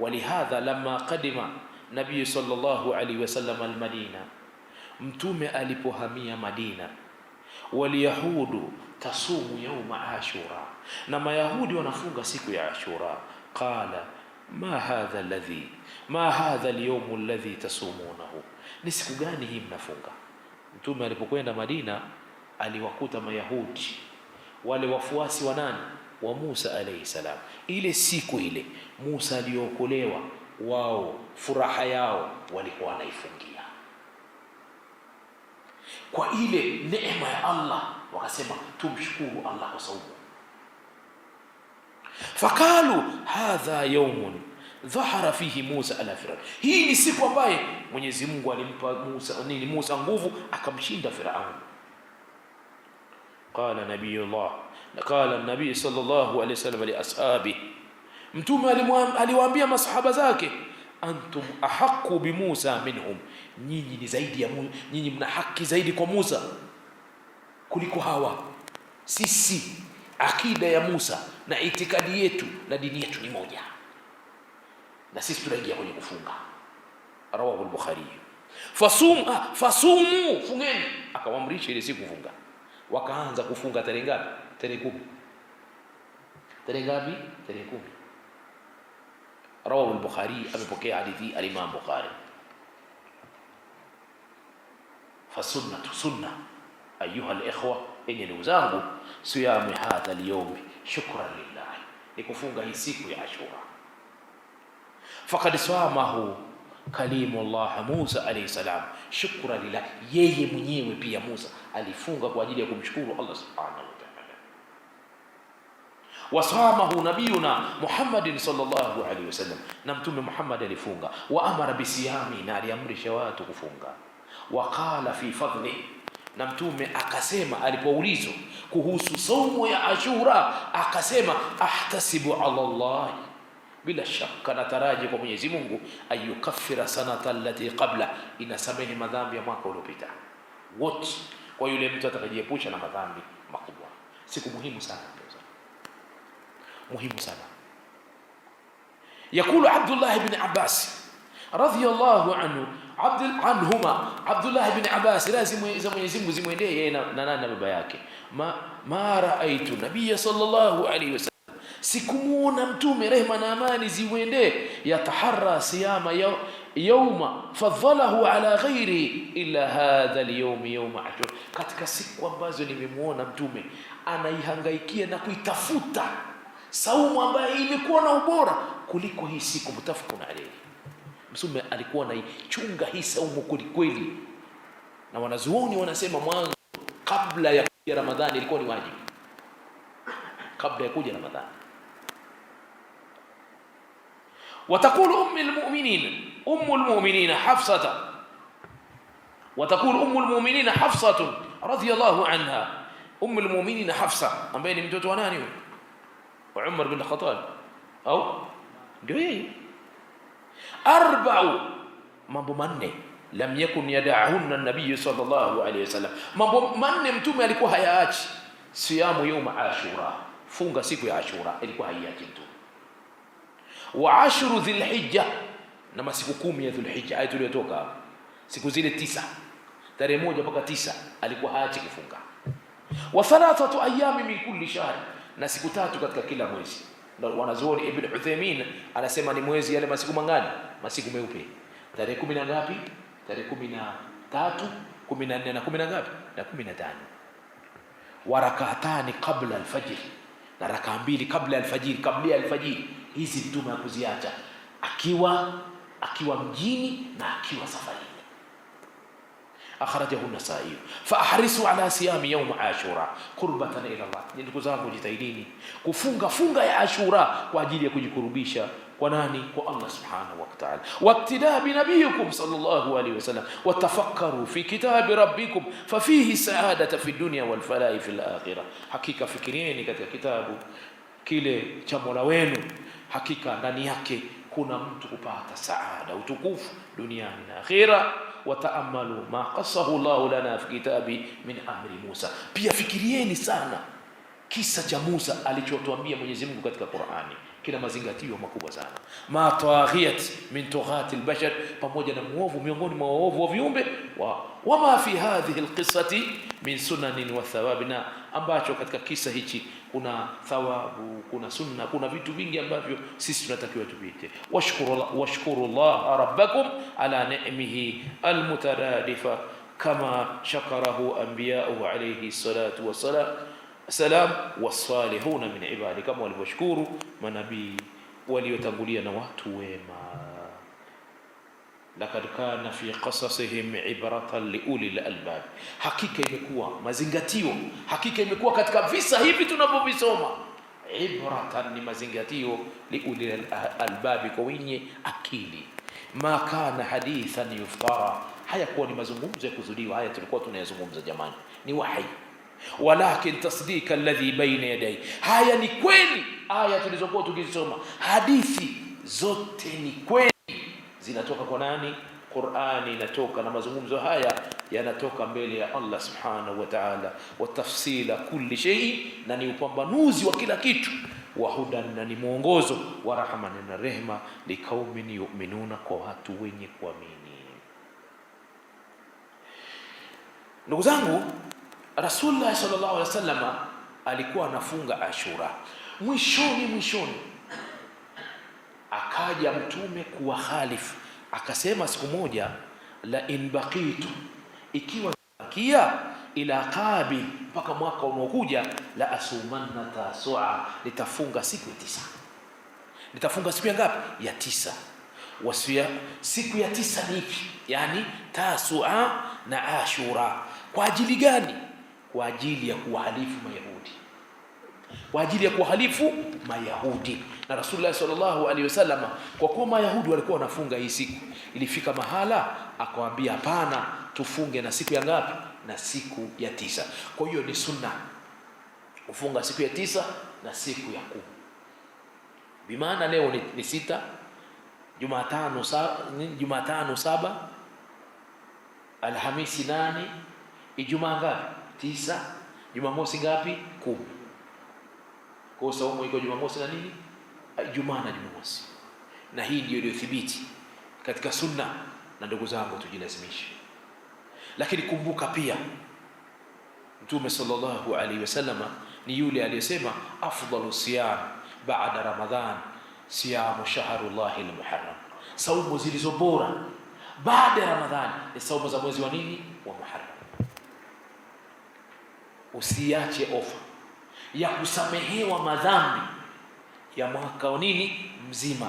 walihadha lama qadima nabii sallallahu alaihi wasallam almadina mtume alipohamia madina walyahudu tasumu yauma ashura na mayahudi wanafunga siku ya ashura qala ma hadha alladhi ma hadha alyawm alladhi tasumunahu ni siku gani hii mnafunga mtume alipokwenda madina aliwakuta mayahudi wale wafuasi wa nani wa Musa alayhi salam. Ile siku ile Musa aliokolewa, wao furaha yao walikuwa wanaifungia kwa ile neema ya Allah, wakasema tumshukuru Allah kwa saumu. Fakalu hadha yaumun dhahara fihi Musa ala Firaun, hii ni siku ambaye Mwenyezi Mungu alimpa Musa nini, Musa nguvu akamshinda Firaun. Qala nabiyullah na qala nabii sallallahu alaihi wasallam li ashabi mtume aliwaambia masahaba zake antum ahaqu bi Musa minhum nyinyi ni zaidi ya nyinyi mna haki zaidi kwa Musa kuliko hawa sisi akida ya Musa na itikadi yetu na dini yetu ni moja na sisi tunaingia kwenye kufunga rawahu al-bukhari fasum ah, fasumu fungeni akawaamrisha ile siku kufunga wakaanza kufunga tarehe ngapi tarehe kumi tarehe ngapi tarehe kumi rawahu al-Bukhari amepokea hadithi al Bukhari fasunnatu sunna ayuha al-ikhwa ndugu zangu siyamu hadha al shukran lillah ni kufunga hii siku ya Ashura faqad samahu kalimullah Musa alayhi salam shukran lillah yeye mwenyewe pia Musa alifunga kwa ajili ya kumshukuru Allah subhanahu wa wasamahu nabiyuna Muhammadin sallallahu alaihi wasallam, na Mtume Muhammad alifunga. Wa amara bisiyami, na aliamrisha watu kufunga. waqala fi fadli, na Mtume akasema alipoulizwa kuhusu somo ya Ashura akasema ahtasibu ala Allah bila shaka nataraji kwa Mwenyezi Mungu ayukaffira sanata allati qabla, inasamehe madhambi ya mwaka uliopita wote, kwa yule mtu atakajiepusha na madhambi makubwa. Siku muhimu sana muhimu sana. Yakulu Abdullah ibn Abbas radhiyallahu anhu abdul anhuma, Abdullah ibn Abbas, radhi za Mwenyezi Mungu zimwendee yeye na nani na baba yake. Ma, ma raaitu nabiyya sallallahu alayhi wasallam, sikumuona mtume rehma na amani ziwende yataharra siyama yaw, yauma fadhalahu ala ghairihi illa hadha alyawm yawm ashura, katika siku ambazo nimemuona mtume anaihangaikia na kuitafuta saumu ambayo ilikuwa na ubora kuliko hii siku mutafakun alayhi. Mtume alikuwa anaichunga hii saumu kwelikweli, na wanazuoni wanasema mwanzo, kabla ya kuja Ramadhani ilikuwa ni wajibu, kabla ya kuja Ramadhani. Watakulu ummi almu'minin, ummu almu'minin Hafsata, watakulu ummu almu'minin Hafsatun radhiyallahu anha, ummu almu'minin Hafsa ambaye ni mtoto wa nani huyo? Umar bin Khattab au ndio yeye. Arba'u, mambo manne lam yakun yada'ahunna nabiy sallallahu alayhi wasallam, mambo manne mtume alikuwa hayaachi. Siyamu yawm ashura, funga siku ya Ashura ilikuwa haiachi mtume. Wa ashru dhilhijja, na masiku kumi ya dhilhijja aya tuliyotoka siku zile tisa, tarehe moja mpaka tisa alikuwa haachi kufunga. Wa thalathatu ayami min kulli shahr na siku tatu katika kila mwezi. Wanazuoni Ibn Uthaymeen anasema ni mwezi yale masiku mangani? Masiku meupe. Tarehe kumi na ngapi? Tarehe kumi na tatu, kumi na nne na kumi na ngapi? Na kumi na tano. wa Warakatani qabla alfajiri, na rakaa mbili kabla alfajiri, kabla alfajiri. Hizi mtume hakuziacha akiwa akiwa mjini na akiwa safari akhrajahu Nasai. Faahrisu ala siyami yaum ashura qurbatan ila Allah. ndugu zangu, jitahidini kufunga funga ya Ashura kwa ajili ya kujikurubisha kwa nani? Kwa Allah subhanahu wa ta'ala. Waqtidaa binabiyikum sallallahu alayhi wasallam watafakkaru fi kitabi rabbikum fafihi saadata fi dunya wal falahi fil akhirah. Hakika fikirieni katika kitabu kile cha Mola wenu, hakika ndani yake kuna mtu kupata saada utukufu duniani na akhira wataamalu ma qasahu llahu lana fi kitabi min amri Musa. Pia fikirieni sana kisa cha Musa alichotuambia Mwenyezi Mungu katika Qur'ani, kina mazingatio makubwa sana. ma taghiyat min tughati albashar, pamoja na muovu miongoni mwa waovu wa viumbe wa wama fi hadhihi alqisati min sunanin wa thawabina, ambacho katika kisa hichi kuna thawabu, kuna sunna, kuna vitu vingi ambavyo sisi tunatakiwa tupite. Washkuru llaha rabbakum ala ni'mihi almutadadifa kama shakarahu anbiya'uhu alayhi salatu wassalam salam wasalihuna min ibadi, kama walivyoshukuru manabii waliotangulia na watu wema. Lakad kana fi qasasihim ibratan liuli lalbab, hakika imekuwa mazingatio, hakika imekuwa katika visa hivi tunavyovisoma. Ibratan ni mazingatio, liuli lalbabi, kwa wenye akili. Ma kana hadithan yuftara, hayakuwa ni mazungumzo ya kuzuliwa. Haya tulikuwa tunayazungumza jamani, ni wahi walakin tasdika alladhi baina yadai haya ni kweli. Aya tulizokuwa tukizisoma hadithi zote ni kweli zinatoka kwa nani? Qur'ani inatoka na mazungumzo haya yanatoka mbele ya Allah subhanahu wa ta'ala, wa tafsila kulli shay, na ni upambanuzi wa kila kitu, wa hudan, na ni mwongozo wa rahma na rehma, likaumin yu'minuna, kwa watu wenye kuamini. Ndugu zangu, Rasulullah sallallahu alaihi wasallam alikuwa anafunga Ashura mwishoni mwishoni akaja mtume kuwa khalifu, akasema siku moja, la in baqitu, ikiwa bakia ila qabil, mpaka mwaka unaokuja, la asumanna tasua, nitafunga siku ya tisa. Nitafunga siku ya ngapi? Ya tisa. Wasia, siku ya tisa ni ipi? Yani tasua na ashura. Kwa ajili gani? Kwa ajili ya kuwahalifu Mayahudi kwa ajili ya kuhalifu Mayahudi na Rasulullah sallallahu alaihi wasallam, kwa kuwa Mayahudi walikuwa wanafunga hii siku. Ilifika mahala akawaambia, hapana, tufunge na siku ya ngapi? Na siku ya tisa. Kwa hiyo ni sunna kufunga siku ya tisa na siku ya kumi. Bimaana leo ni, ni sita, Jumatano saba, Jumatano saba, Alhamisi nane, Ijumaa ngapi? Tisa, Jumamosi ngapi? Kumi. Kwa saumu iko Jumamosi na nini, Ijumaa ah, na Jumamosi, na hii ndio iliyothibiti katika sunna. Na ndugu zangu, tujilazimishe. Lakini kumbuka pia Mtume sallallahu alaihi wasallama ni yule aliyesema afdalu siyam baada Ramadhan siyamu shahrullahi almuharram, saumu zilizo bora baada ya Ramadhani ni saumu za mwezi wa nini, wa Muharram. Usiache ofa ya kusamehewa madhambi ya mwaka nini mzima.